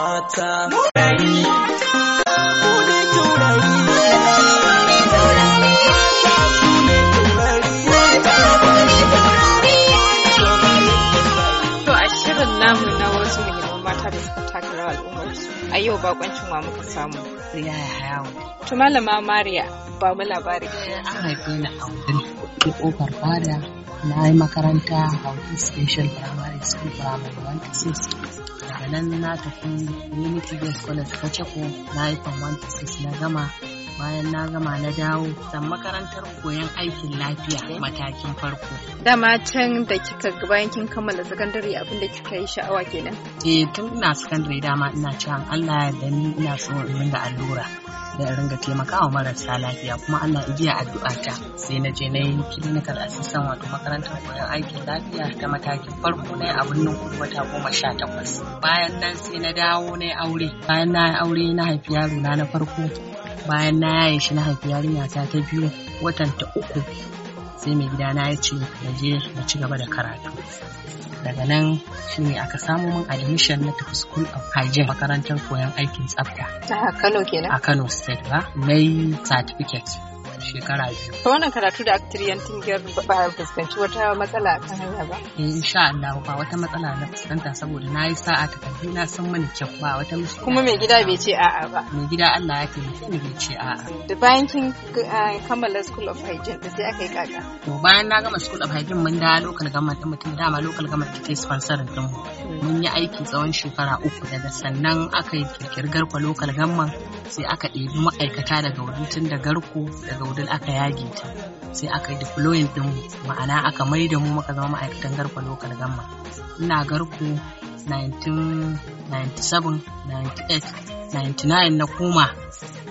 mata. namu na mata da suka a yau bakoncin wa muka samu. ya yawo. Tumala ma Mariya ba mu labari. An haife ni a wurin ƙofar fada na yi makaranta a Special Primary School Primary 1 to 6. Daga nan na tafi Unity Girls College Kwachako na yi from 1 to 6 na gama bayan na gama na dawo dan makarantar koyon aikin lafiya matakin farko. Dama can da kika bayan kin kammala sakandare abinda kika yi sha'awa kenan? Eh tun ina sakandare dama ina can Allah ya ni ina so in da allura. da in ringa taimakawa marasa lafiya kuma ana biya addu'a ta sai na je na yi clinical assistant wato makarantar koyon aikin lafiya ta matakin farko na a birnin kudu wata goma sha takwas bayan nan sai na dawo na aure bayan na aure na haifi yaro na na farko bayan na yaye shi na haifi yarinya ta ta biyu watan ta uku sai mai gida na ya ce na je na ci gaba da karatu daga nan shi ne aka samu min admission na tafi school of hygiene makarantar koyon aikin tsafta a Kano kenan a Kano state ba na yi certificate shekara biyu. Ta wannan karatu da Actriyantin Girl ba a fuskanci wata matsala kan hanya ba? In eh, insha Allah ba wata matsala na fuskanta saboda na yi sa'a ta kafi na san mani kyau ba wata musu. Kuma mai gida bai ce a'a ba. Mai gida Allah ya ke ni bai ce a'a. Da bayan kin eh, kammala School of Hygiene da sai aka yi kaka. To bayan na gama School of Hygiene mun da local government mutum dama local government take sponsor din mu. Mun yi aiki tsawon shekara uku daga sannan aka yi kirkirgar kwa local government sai aka ɗebi ma'aikata daga wajen tun da garko daga wajen. Abdul aka yage ta sai aka yi deploying din ma'ana aka mai da mu muka zama ma'aikatan garko local gamma ina garko 1997 98 99 na koma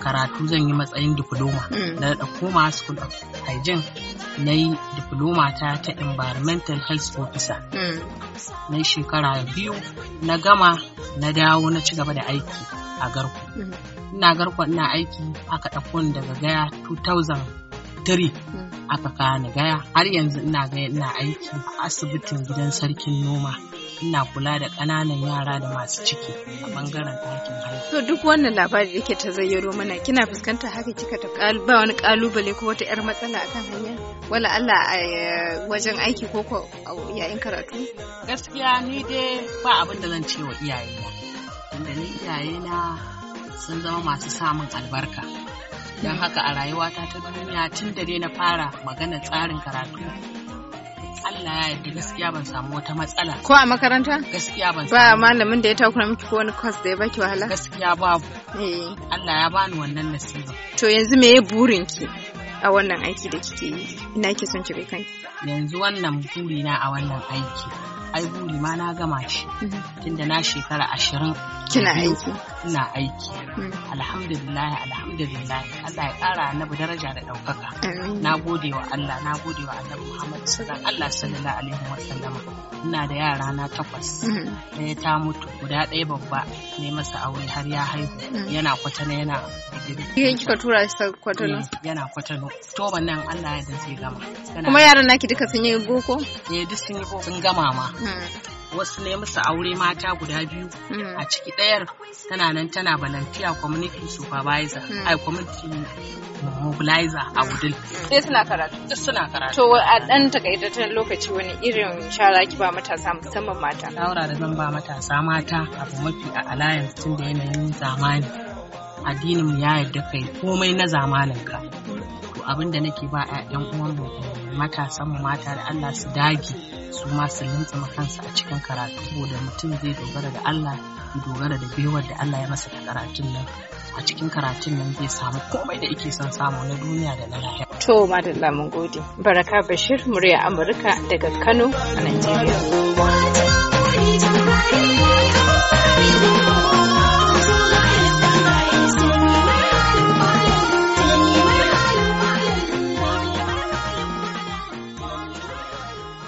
karatu zan yi matsayin diploma hmm. na da koma school of hygiene na yi diploma ta ta environmental health officer hmm. na shekara biyu na gama na dawo na ci gaba da aiki a garko mm. ina garko ina aiki aka ɗauko daga gaya 2003 mm. aka kawo gaya har yanzu ina gaya ina aiki a asibitin gidan sarkin noma ina kula da ƙananan yara da masu ciki a bangaren ɗakin haihuwa. To duk wannan labari da ke ta zayyaro mana kina fuskanta haka kika ta ba wani kalubale ko wata 'yar matsala akan hanya? Wala Allah a eh, wajen aiki ko yayin karatu? Gaskiya ni dai ba abin da zan ce wa iyayena. inda ni iyayena sun zama masu samun albarka don haka a rayuwata ta duniya tun da na fara magana tsarin karatu Allah ya yarda gaskiya ban samu wata matsala ko a makaranta gaskiya ban ba malamin da ya takura miki ko wani kwas da ya baki wahala gaskiya babu eh Allah ya bani wannan nasiba to yanzu me ya burin ki a wannan aiki da kike yi ina ki son ki kai yanzu wannan burina a wannan aiki ai buri ma na gama shi mhm. tunda na shekara ashirin kina aiki ina aiki alhamdulillah alhamdulillah Allah ya kara na daraja da daukaka na gode wa Allah na gode wa annabi Muhammad sallallahu Allah sallallahu alaihi wa sallam ina da yara na takwas hmm. ɗaya ta mutu guda ɗaya babba ne masa aure har ya haihu hmm. yana kwatana yana Yan kika tura shi kwatano? Eh, yana kwatano. To wannan Allah ya da zai gama. Kuma yaran naki duka sun yi boko? Eh duk sun yi boko. Sun gama ma. Hmm. wasu ne musu aure mata guda biyu hmm. a ciki ɗayar tana nan tana balantiya community supervisor hmm. ai community mobilizer a wudil sai suna karatu suna karatu to a ɗan takaitaccen lokaci wani irin shara ki ba matasa musamman mata Laura da zan ba matasa mata abu mafi a alliance tun da yanayin zamani addinin mu ya yarda kai komai na zamanin ka abin da nake ba a 'ya'yan uwanmu matasan mu mata da Allah su dage su ma su lintsama kansu a cikin karatu saboda mutum zai dogara da Allah ya dogara da baiwar da Allah ya masa da karatun nan a cikin karatun nan zai samu komai da yake son samu na duniya da na lahira. To madalla mun gode. Baraka Bashir murya Amurka daga Kano a Najeriya.